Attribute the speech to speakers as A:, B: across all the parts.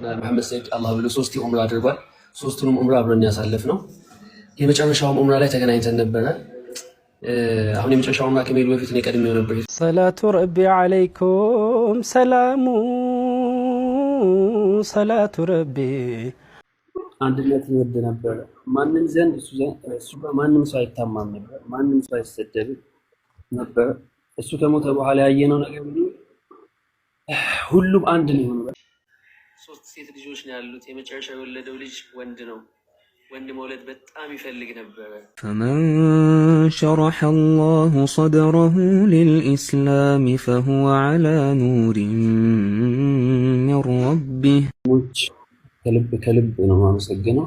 A: ጀነራል መሐመድ ሰይድ አላህ ብሎ ሶስት ኡምራ አድርጓል። ሶስቱንም ኡምራ አብረን ያሳለፍ ነው። የመጨረሻውም ኡምራ ላይ ተገናኝተን ነበረ። አሁን የመጨረሻው ኡምራ ከመሄዱ በፊት እኔ ቀድሜው ነበር።
B: ሰላቱ ረቢ አለይኩም ሰላሙ ሰላቱ ረቢ
A: አንድነት ይወድ ነበረ። ማንም ዘንድ እሱ ጋር ማንም ሰው አይታማም ነበር። ማንም ሰው አይሰደብም ነበር። እሱ ከሞተ በኋላ ያየነው ነገር ሁሉም አንድ ነው። ሶስት ሴት ልጆች ነው ያሉት። የመጨረሻ የወለደው ልጅ ወንድ ነው። ወንድ መውለድ በጣም ይፈልግ ነበረ።
B: ፈመን ሸረሐ አላሁ ሰድረሁ ሊልኢስላም ፈሁወ ዐላ ኑሪን ሚን ረቢህ።
A: ከልብ ከልብ ነው የማመሰግነው።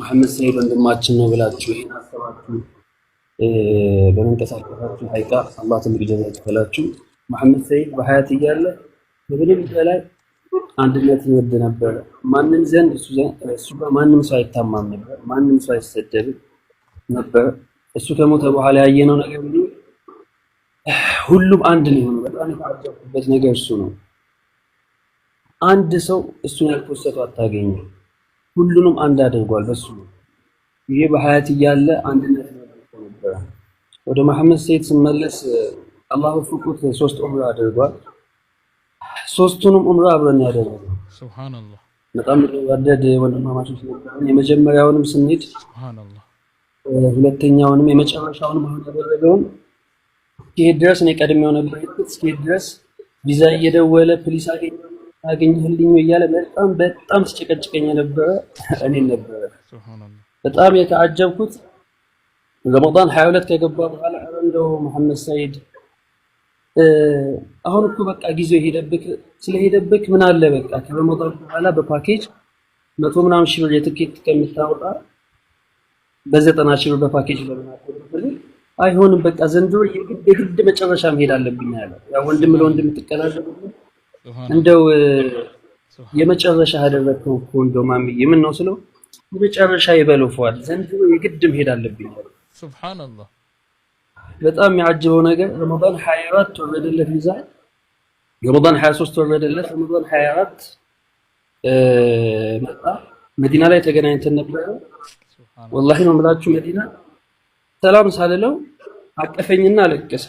A: መሐመድ ሰይድ ወንድማችን ነው ብላችሁ ይህን አሰባችሁ በመንቀሳቀሳችሁ ሀይቃ አላህ ትልቅ ጀዛ ይክፈላችሁ። መሐመድ ሰይድ በሀያት እያለ ከምንም በላይ አንድነት ይወድ ነበር። ማንም ዘንድ እሱ ጋር ማንም ሰው አይታማም ነበር። ማንም ሰው አይሰደብም ነበር። እሱ ከሞተ በኋላ ያየነው ነገር ሁሉ ሁሉም አንድ ነው የሆነው። በጣም የተዓጀብኩበት ነገር እሱ ነው። አንድ ሰው እሱን ያልኮሰተው አታገኘ። ሁሉንም አንድ አድርጓል በሱ ይሄ በሀያት እያለ አንድነት ነበረ። ወደ መሐመድ ሰይድ ስመለስ አላሁ ፍቁት ሶስት ዑምራ አድርጓል። ሶስቱንም ዑምራ አብረን ያደረግነው
B: ሱብሃንአላህ።
A: በጣም ወደድ ወንድማማቾች ነበር። የመጀመሪያውንም ስንሄድ ሁለተኛውንም የመጨረሻውንም አሁን ያደረገውን እስኪሄድ ድረስ እኔ ቀድሜው ነበር እስኪሄድ ድረስ ቪዛ እየደወለ ፕሊስ አገኘህልኝ እያለ በጣም በጣም ሲጨቀጭቀኝ የነበረ እኔን ነበረ። በጣም የተዓጀብኩት ረመዳን 22 ከገባ በኋላ እንደው መሐመድ ሰይድ አሁን እኮ በቃ ጊዜው ሄደብክ ስለሄደብክ ምን አለ በቃ ከረመዳን በኋላ በፓኬጅ መቶ ምናምን ሺህ ብር የትኬት ከምታወጣ በዘጠና ሺህ ብር በፓኬጅ ለምን አይሆንም። በቃ ዘንድሮ የግድ መጨረሻ መሄድ አለብኝ ያለ ያው ወንድም ለወንድም ትቀላለሉ እንደው የመጨረሻ አደረግከው እኮ እንደው ማምዬ ምን ነው ስለው የመጨረሻ ይበለው ፈዋል ዘንድሮ የግድ መሄድ አለብኝ ያለ
B: ሱብሃንአላህ
A: በጣም የሚያጅበው ነገር ረመዳን 24 ተወረደለት ሚዛን፣ ረመዳን 23 ተወረደለት፣ ረመዳን 24 መጣ። መዲና ላይ ተገናኝተን ነበረ። ወላሂ ነው የምላችሁ መዲና ሰላም ሳልለው አቀፈኝና አለቀሰ።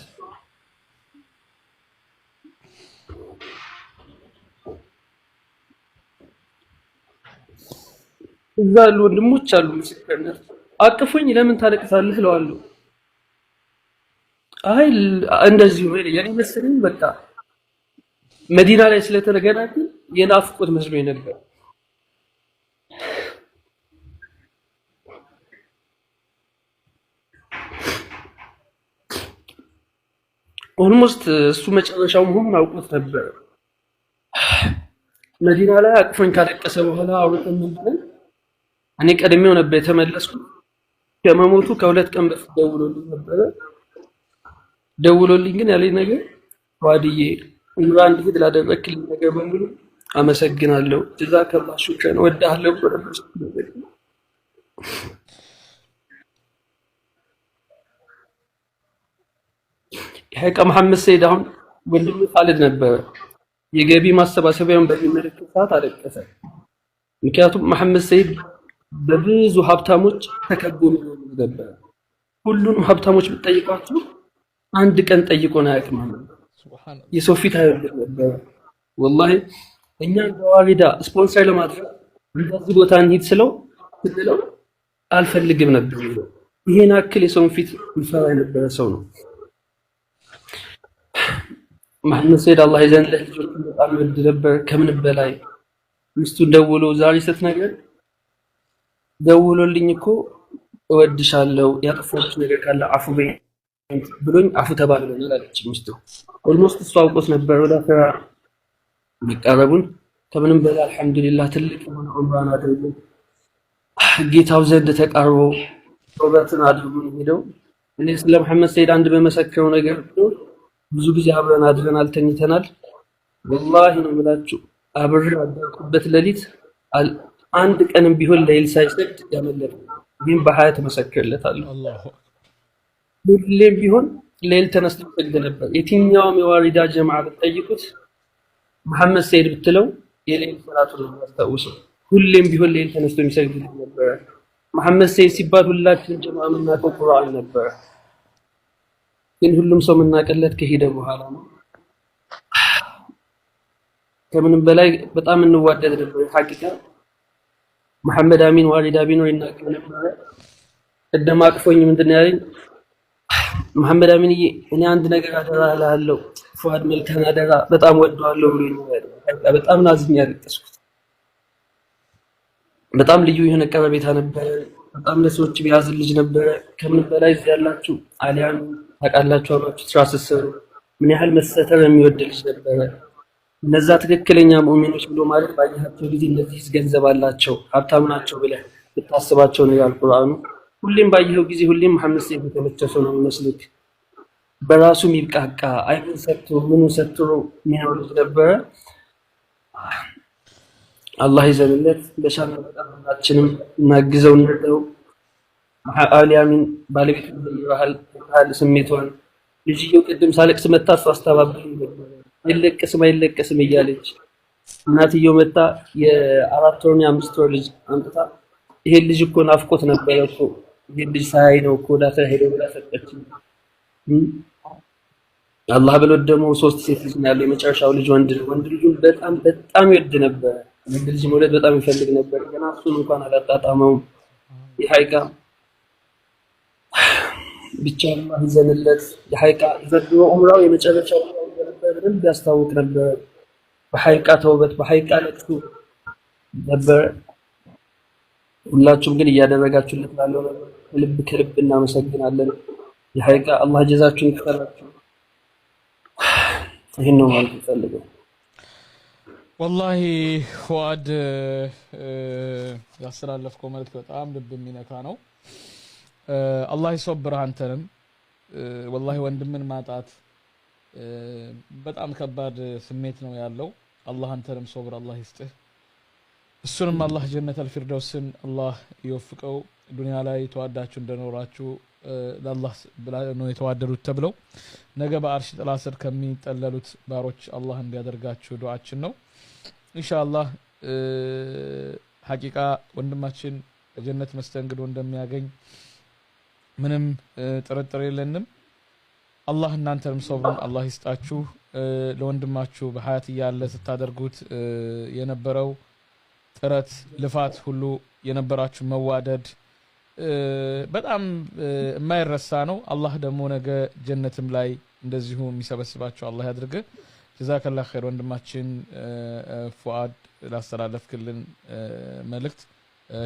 A: እዛ ያሉ ወንድሞች አሉ ምስክርነት አቅፎኝ ለምን ታለቅሳለህ እለዋለሁ አይ የኔ በቃ መዲና ላይ ስለተገናኘን የናፍቆት መስሎኝ ነበር። ኦልሞስት እሱ መጨረሻውን ሁሉን አውቆት ነበር። መዲና ላይ አቅፎኝ ካለቀሰ በኋላ አውርተን እኔ ቀድሜው ነበር ከመሞቱ ከሁለት ቀን በፊት ደውሎልኝ ነበረ። ደውሎልኝ ግን ያለኝ ነገር ዋድዬ ዑምራ አንድ ጊዜ ላደረክልኝ ነገር በሙሉ አመሰግናለሁ፣ እዛ ጀዛከላ ሹክረን፣ እወድሃለሁ። ሐቂቃ መሐመድ ሰይድ አሁን ወንድም ካልድ ነበረ የገቢ ማሰባሰቢያውን በሚመለከት ሰዓት አለቀሰ። ምክንያቱም መሐመድ ሰይድ በብዙ ሀብታሞች ተከቦ ነበረ። ሁሉንም ሀብታሞች ብትጠይቋቸው አንድ ቀን ጠይቆን አያውቅም። የሰው ፊት አይወድም ነበረ። ወላሂ እኛ ዋሪዳ ስፖንሰር ለማድረግ እንደዚህ ቦታ እንሂድ ስለው ስንለው አልፈልግም ነበር። ይሄን አክል የሰውን ፊት ምፈራ የነበረ ሰው ነው መሐመድ ሰይድ። አላህ ይዘን ልጆቹ በጣም ይወድ ነበር ከምን በላይ ሚስቱን ደውሎ ዛሬ ሰት ነገር ደውሎልኝ እኮ እወድሻለሁ፣ ያጠፋሁት ነገር ካለ አፉ በይ ብሎኝ አፉ ተባብለናል አለች ሚስቱ። ኦልሞስት እሱ አውቆት ነበር ወደ አኺራ መቃረቡን። ከምንም በላይ አልሐምዱሊላህ ትልቅ የሆነ ዑምራን አድርጎ ጌታው ዘንድ ተቃርቦ ሶበትን አድርጎ ነው ሄደው። እኔ ስለ መሐመድ ሰይድ አንድ በመሰከረው ነገር ብዙ ጊዜ አብረን አድረናል፣ ተኝተናል። ወላሂ ነው የምላችሁ አብር አደርኩበት ሌሊት አንድ ቀንም ቢሆን ለይል ሳይሰግድ ያመለጠ። ይህም በሀያ ተመሰክርለታለሁ። ሁሌም ቢሆን ሌል ተነስቶ ሰግድ ነበር። የትኛውም የዋሪዳ ጀማዓ ብትጠይቁት መሐመድ ሰይድ ብትለው የሌል ሰላቱን የሚያስታውሰው ሁሌም ቢሆን ሌል ተነስቶ የሚሰግድ ነበር። መሐመድ ሰይድ ሲባል ሁላችን ጀማዓ የምናውቀው ቁርአን ነበር። ግን ሁሉም ሰው የምናቀለት ከሄደ በኋላ ነው። ከምንም በላይ በጣም እንዋደድ ነበር። ሐቂቃ መሐመድ አሚን ዋሪዳ ቢኖር ይናገር ነበረ። እደማቅፎኝ ምንድን ነው ያለኝ መሐመድ አሚንዬ እኔ አንድ ነገር አደራ እላለሁ። ፉአድ መልካም አደራ በጣም ወደዋለሁ ብሎ በጣም ናዝኛ ያለቀስኩት በጣም ልዩ የሆነ ቀረቤታ ነበረ። በጣም ለሰዎች የያዝ ልጅ ነበረ። ከምን በላይ እዚህ ያላችሁ አሊያን ታውቃላችሁ አሏችሁ ስራ ስትሰሩ ምን ያህል መሰተር የሚወድ ልጅ ነበረ። እነዛ ትክክለኛ ሙእሚኖች ብሎ ማለት ባየሃቸው ጊዜ እነዚህ ገንዘብ አላቸው ሀብታም ናቸው ብለህ ብታስባቸው ነው ያል ቁርአኑ ሁሌም ባየኸው ጊዜ ሁሌም ሐምስት የተመቸሰ ነው የሚመስልክ። በራሱ የሚብቃቃ አይኑን ሰጥቶ ምኑ ሰጥቶ የሚኖር ልጅ ነበረ። አላህ ይዘንለት። በሻና በጣምናችንም እናግዘው እንርዳው። አሊያሚን ባለቤት ይባል ስሜቷን ልጅየው ቅድም ሳለቅስ መታ እሷ አስተባብረኝ ነበረ። አይለቀስም አይለቀስም እያለች እናትየው መታ የአራት ወር የአምስት ወር ልጅ አምጥታ ይሄን ልጅ እኮ ናፍቆት ነበረ እኮ ይህ ልጅ ሳይ ነው እኮ ዳታ ሄዶ ብላ ሰጠች። አላህ ብሎ ደግሞ ሶስት ሴት ልጅ ያለው የመጨረሻው ልጅ ወንድ ነው። ወንድ ልጁን በጣም በጣም ይወድ ነበር። ወንድ ልጅ መውለድ በጣም ይፈልግ ነበር። ገና እሱን እንኳን አላጣጣመውም። የሀይቃ ብቻ ይዘንለት። የሀይቃ ዘንድሮ ዑምራው የመጨረሻው በደንብ ያስታውቅ ነበር። በሀይቃ ተውበት፣ በሀይቃ ነበር ሁላችሁም ግን እያደረጋችሁለት ላለው ልብ ከልብ እናመሰግናለን። የሀይቃ አላህ ጀዛችሁን ይፈራችሁ። ይህን ነው ማለት ፈልገው።
B: ወላሂ ፉአድ ያስተላለፍከው መልእክት በጣም ልብ የሚነካ ነው። አላህ ይሶብርህ አንተንም። ወላሂ ወንድምን ማጣት በጣም ከባድ ስሜት ነው ያለው። አላህ አንተንም ሶብር አላህ ይስጥህ። እሱንም አላህ ጀነት አልፊርደውስን አላህ ይወፍቀው። ዱንያ ላይ ተዋዳችሁ እንደኖራችሁ ለአላህ ነው የተዋደዱት ተብለው ነገ በአርሽ ጥላ ስር ከሚጠለሉት ባሮች አላህ እንዲያደርጋችሁ ዱዓችን ነው። ኢንሻአላህ ሐቂቃ ወንድማችን ጀነት መስተንግዶ እንደሚያገኝ ምንም ጥርጥር የለንም። አላህ እናንተንም ሶብሩን አላህ ይስጣችሁ። ለወንድማችሁ በሀያት እያለ ስታደርጉት የነበረው ጥረት፣ ልፋት ሁሉ የነበራችሁ መዋደድ በጣም የማይረሳ ነው። አላህ ደግሞ ነገ ጀነትም ላይ እንደዚሁ የሚሰበስባቸው አላህ ያድርግ። ጀዛከላ ኸይር ወንድማችን ፉአድ ላስተላለፍክልን መልእክት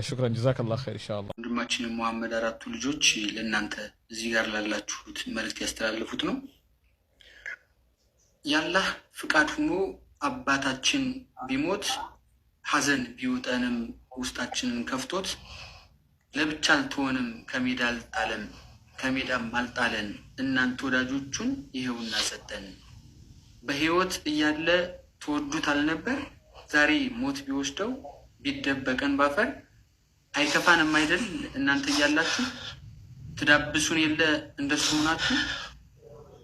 B: ሹክረን ጀዛከላ ኸይር። ኢንሻአላ
A: ወንድማችን መሐመድ አራቱ ልጆች ለእናንተ እዚህ ጋር ላላችሁት መልእክት ያስተላለፉት ነው። የአላህ ፍቃድ ሆኖ አባታችን ቢሞት ሀዘን ቢውጠንም ውስጣችንን ከፍቶት ለብቻ አልትሆንም ከሜዳ አልጣለም ከሜዳም አልጣለን እናንተ ወዳጆቹን ይኸውና ሰጠን። በህይወት እያለ ትወዱት አልነበር ዛሬ ሞት ቢወስደው ቢደበቀን ባፈር አይከፋንም አይደል እናንተ እያላችሁ ትዳብሱን የለ እንደሱ ሆናችሁ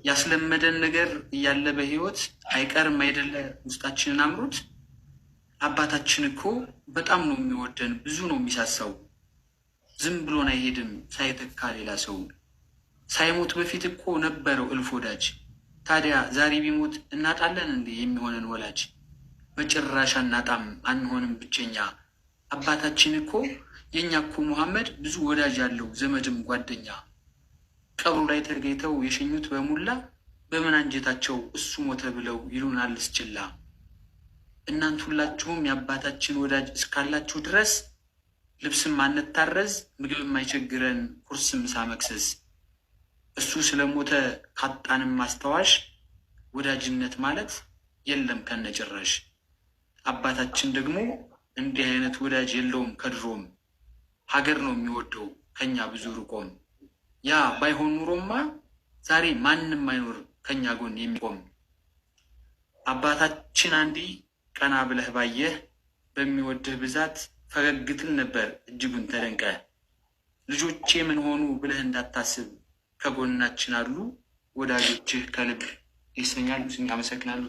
A: ያስለመደን ነገር እያለ በህይወት አይቀርም አይደለ ውስጣችንን አምሮት አባታችን እኮ በጣም ነው የሚወደን፣ ብዙ ነው የሚሳሳው፣ ዝም ብሎን አይሄድም ሳይተካ ሌላ ሰው። ሳይሞት በፊት እኮ ነበረው እልፍ ወዳጅ። ታዲያ ዛሬ ቢሞት እናጣለን እንዴ የሚሆነን ወላጅ? በጭራሽ አናጣም አንሆንም ብቸኛ። አባታችን እኮ የእኛ እኮ መሐመድ ብዙ ወዳጅ ያለው ዘመድም ጓደኛ። ቀብሩ ላይ ተገኝተው የሸኙት በሙላ በምን አንጀታቸው እሱ ሞተ ብለው ይሉናል እስችላ እናንት ሁላችሁም የአባታችን ወዳጅ እስካላችሁ ድረስ ልብስም አንታረዝ፣ ምግብ የማይቸግረን ቁርስ ምሳ መክሰስ። እሱ ስለሞተ ካጣንም ማስታዋሽ ወዳጅነት ማለት የለም ከነጭራሽ። አባታችን ደግሞ እንዲህ አይነት ወዳጅ የለውም ከድሮም፣ ሀገር ነው የሚወደው ከኛ ብዙ ርቆም። ያ ባይሆን ኑሮማ ዛሬ ማንም አይኖር ከኛ ጎን የሚቆም አባታችን አንዲ ቀና ብለህ ባየህ በሚወድህ ብዛት ፈገግ ትል ነበር እጅጉን ተደንቀ ልጆቼ ምን ሆኑ ብለህ እንዳታስብ ከጎናችን አሉ ወዳጆችህ ከልብ ይሰኛሉ። ስም ያመሰግናሉ።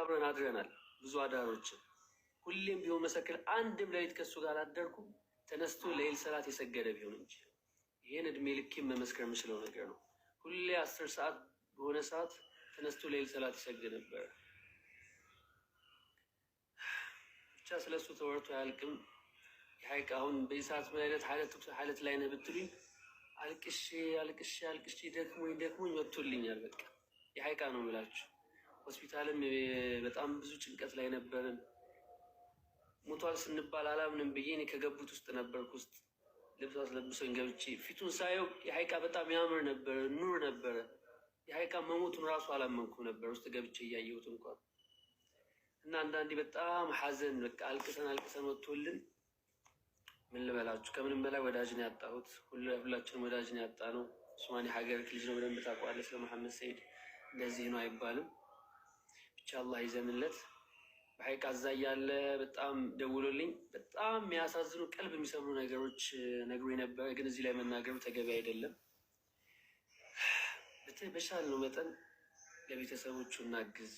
A: አብረን አድረናል ብዙ አዳሮችን። ሁሌም ቢሆን መሰክል አንድም ለሊት ከሱ ጋር አደርኩም ተነስቶ ለይል ሰላት የሰገደ ቢሆን እንጂ ይህን እድሜ ልክ መመስከር የምችለው ነገር ነው። ሁሌ አስር ሰዓት በሆነ ሰዓት ተነስቶ ለይል ሰላት ይሰግድ ነበር። ብቻ ስለሱ ተወርቶ አያልቅም። ሀይቅ አሁን በኢሳት ምን አይነት ሀለት ላይ ነው ብትሉኝ፣ አልቅሼ አልቅሼ አልቅሼ ደክሞኝ ደክሞኝ ወጥቶልኛል። በቃ የሀይቃ ነው ምላችሁ። ሆስፒታልም በጣም ብዙ ጭንቀት ላይ ነበርን። ሞቷል ስንባል አላምንም ብዬ እኔ ከገቡት ውስጥ ነበርኩ። ውስጥ ልብስ አስለብሰኝ ገብቼ ፊቱን ሳየው የሀይቃ በጣም ያምር ነበረ፣ ኑር ነበረ። የሀይቃ መሞቱን ራሱ አላመንኩ ነበር ውስጥ ገብቼ እያየሁት እንኳን እና አንዳንዴ በጣም ሀዘን በቃ አልቅሰን አልቅሰን ወጥቶልን ምን ልበላችሁ፣ ከምንም በላይ ወዳጅን ያጣሁት ሁላችንም ወዳጅን ያጣ ነው። ሱማኔ ሀገር ልጅ ነው በደንብ ታውቀዋለህ። ስለ መሐመድ ሰይድ እንደዚህ ነው አይባልም። ብቻ አላህ ይዘንለት። በሀይቅ አዛ እያለ በጣም ደውሎልኝ በጣም የሚያሳዝኑ ቀልብ የሚሰብሩ ነገሮች ነግሮ ነበረ፣ ግን እዚህ ላይ መናገሩ ተገቢ አይደለም። በተቻልነው መጠን ለቤተሰቦቹ እናግዝ።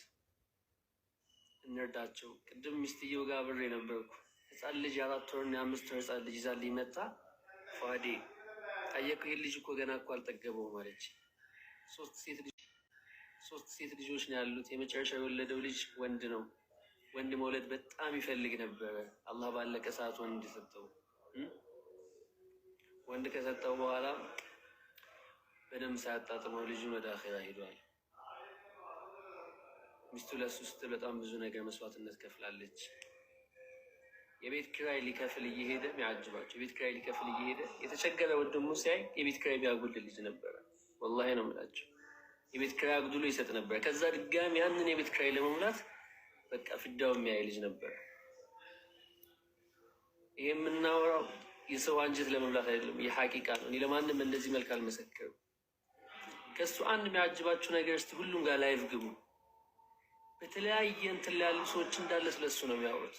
A: እንርዳቸው። ቅድም ሚስትየው ጋር አብሬ ነበርኩ። ህፃን ልጅ አራት ወር የአምስት ወር ህፃን ልጅ ይዛል መጣ። ፏዴ ጠየቁ። ይህ ልጅ እኮ ገና እኮ አልጠገበውም አለች። ሶስት ሴት ልጆች ነው ያሉት። የመጨረሻ የወለደው ልጅ ወንድ ነው። ወንድ መውለድ በጣም ይፈልግ ነበረ። አላህ ባለቀ ሰዓት ወንድ ሰጠው። ወንድ ከሰጠው በኋላ በደንብ ሳያጣጥመው ልጁን ወደ አኼራ ሂዷል። ሚስቱ ለሱ ስትል በጣም ብዙ ነገር መስዋዕትነት ከፍላለች። የቤት ኪራይ ሊከፍል እየሄደ የሚያጅባቸው የቤት ኪራይ ሊከፍል እየሄደ የተቸገረ ወንድሙ ሲያይ የቤት ኪራይ ቢያጉል ልጅ ነበረ። ወላሂ ነው የምላቸው። የቤት ኪራይ አጉድሎ ይሰጥ ነበረ። ከዛ ድጋሚ ያንን የቤት ኪራይ ለመሙላት በቃ ፍዳው የሚያይ ልጅ ነበረ። ይሄ የምናወራው የሰው አንጀት ለመብላት አይደለም፣ የሐቂቃ ነው። እኔ ለማንም እንደዚህ መልክ አልመሰክርም። ከእሱ አንድ የሚያጅባቸው ነገር እስቲ ሁሉም ጋር ላይቭ ግቡ። በተለያየ እንትን ላይ ያሉ ሰዎች እንዳለ ስለሱ ነው የሚያወሩት።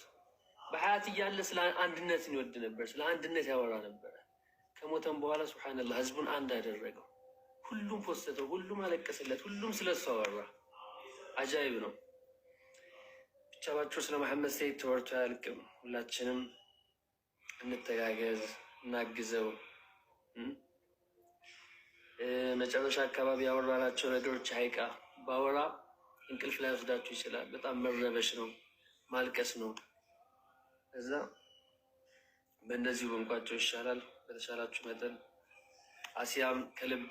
A: በሀያት እያለ ስለ አንድነትን ይወድ ነበር፣ ስለ አንድነት ያወራ ነበረ። ከሞተም በኋላ ስብሓንላ ህዝቡን አንድ አደረገው። ሁሉም ፖስተተው፣ ሁሉም አለቀሰለት፣ ሁሉም ስለሱ አወራ። አጃይብ ነው። ብቻባቸው ስለ መሐመድ ሰይድ ተወርቶ አያልቅም። ሁላችንም እንተጋገዝ፣ እናግዘው። መጨረሻ አካባቢ ያወራናቸው ነገሮች ሀይቃ ባወራ እንቅልፍ ላይ ወስዳችሁ ይችላል። በጣም መረበሽ ነው፣ ማልቀስ ነው። እዛ በእንደዚሁ በንቋቸው ይሻላል። በተሻላችሁ መጠን አሲያም ከልብ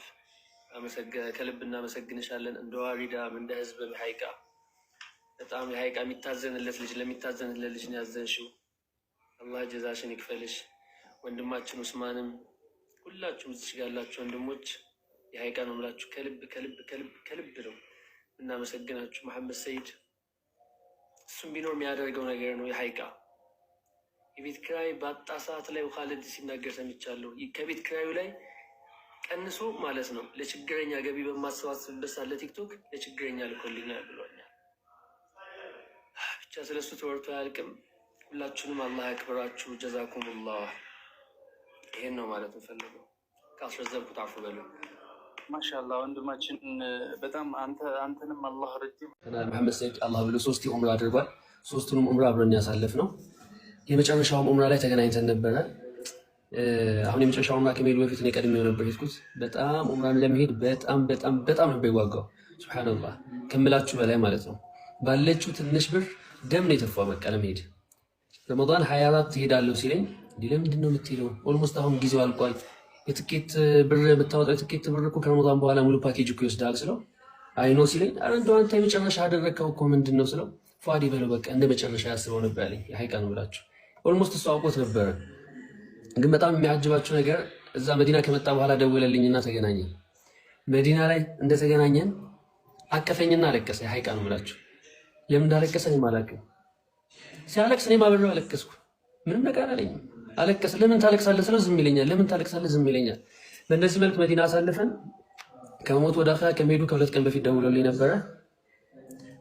A: ከልብ እናመሰግንሻለን። እንደ ዋሪዳም እንደ ህዝብ ሀይቃ በጣም የሀይቃ የሚታዘንለት ልጅ ለሚታዘንለት ልጅ ያዘንሽው አላህ ጀዛሽን ይክፈልሽ። ወንድማችን ውስማንም ሁላችሁም እዚህ ወንድሞች የሀይቃ ነው ምላችሁ ከልብ ከልብ ከልብ ከልብ ነው እናመሰግናችሁ መሐመድ ሰይድ። እሱም ቢኖር የሚያደርገው ነገር ነው። የሀይቃ የቤት ክራይ በአጣ ሰዓት ላይ ውካለድ ሲናገር ሰምቻለሁ። ከቤት ክራዩ ላይ ቀንሶ ማለት ነው ለችግረኛ ገቢ በማሰባሰብበት ሳለ ለቲክቶክ ለችግረኛ ልኮልኛል ብሎኛል። ብቻ ስለሱ ተወርቶ አያልቅም። ሁላችሁንም አላህ ያክብራችሁ። ጀዛኩሙላህ። ይሄን ነው ማለት ፈለገው ካስረዘብኩት አፉ በሉ።
B: ማሻላ ወንድማችን በጣም አንተንም አላህ ረጅም
A: መሐመድ ሰይድ አላህ ብሎ ሶስት ኡምራ አድርጓል። ሶስቱንም ኡምራ አብረን ያሳለፍ ነው። የመጨረሻውም ኡምራ ላይ ተገናኝተን ነበረ። አሁን የመጨረሻው ኡምራ ከመሄዱ በፊት እኔ ቀድሜው ነበር የሄድኩት። በጣም ኡምራን ለመሄድ በጣም በጣም በጣም ነበር የጓጓው። ሱብሃነላህ ከምላችሁ በላይ ማለት ነው። ባለችው ትንሽ ብር ደም ነው የተፋው። በቃ ለመሄድ ረመዳን 24 ትሄዳለሁ ሲለኝ ለምንድን ነው የምትሄደው? ኦልሞስት አሁን ጊዜው አልቋል የትኬት ብር የምታወጣው የትኬት ብር እኮ ከሞታን በኋላ ሙሉ ፓኬጅ እኮ ይወስዳል ስለው አይኖ ሲለኝ እንደው አንተ የመጨረሻ አደረግከው እኮ ምንድን ነው ስለው ፏዲ በለው በቃ እንደ መጨረሻ ያስበው ነበር ያለኝ። ሀይቃ ነው ብላችሁ ኦልሞስት እሱ አውቆት ነበረ። ግን በጣም የሚያጅባችሁ ነገር እዛ መዲና ከመጣ በኋላ ደወለልኝና ተገናኘን። መዲና ላይ እንደተገናኘን አቀፈኝና አለቀሰ። ሀይቃ ነው ብላችሁ ለምን እንዳለቀሰ እኔም አላውቅም። ሲያለቅስ እኔም አብሬው አለቀስኩ። ምንም ነገር አለኝም አለቀስ። ለምን ታለቅሳለህ ስለው ዝም ይለኛል። ለምን ታለቅሳለህ ዝም ይለኛል። በእንደዚህ መልክ መዲና አሳልፈን ከሞት ወደ አራ ከመሄዱ ከሁለት ቀን በፊት ደውሎልኝ ነበረ።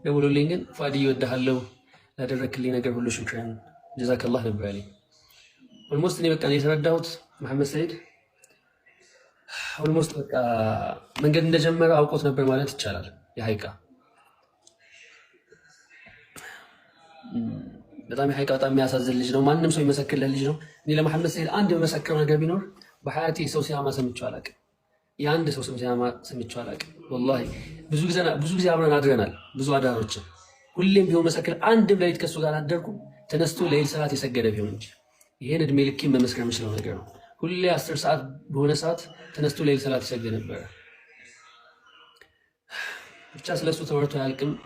A: ደውሎልኝ ግን ፋዲ ይወድሃለው ላደረክልኝ ነገር ሁሉ ሽክረን ጀዛከላህ ነበር ያለኝ። ኦልሞስት እኔ በቃ የተረዳሁት መሐመድ ሰይድ ኦልሞስት በቃ መንገድ እንደጀመረ አውቆት ነበር ማለት ይቻላል። የሀይቃ በጣም የሀይቅ በጣም የሚያሳዝን ልጅ ነው። ማንም ሰው የመሰክርለት ልጅ ነው። እኔ ለመሐመድ ሰይድ አንድ የመሰክረው ነገር ቢኖር በሀያቴ ሰው ሲያማ ሰምቼው አላውቅም። የአንድ ሰው ስም ሲያማ ሰምቼው አላውቅም። ወላሂ ብዙ ጊዜ አብረን አድረናል። ብዙ አዳሮችን ሁሌም ቢሆን መሰክር አንድም ለሊት ከሱ ጋር አደርጉ ተነስቶ ለሌል ሰዓት የሰገደ ቢሆን እንጂ ይህን እድሜ ልኬን መመስከር የምችለው ነገር ነው። ሁሌ አስር ሰዓት በሆነ ሰዓት ተነስቶ ለሌል ሰዓት ይሰግድ ነበረ። ብቻ ስለሱ ተወርቶ አያልቅም።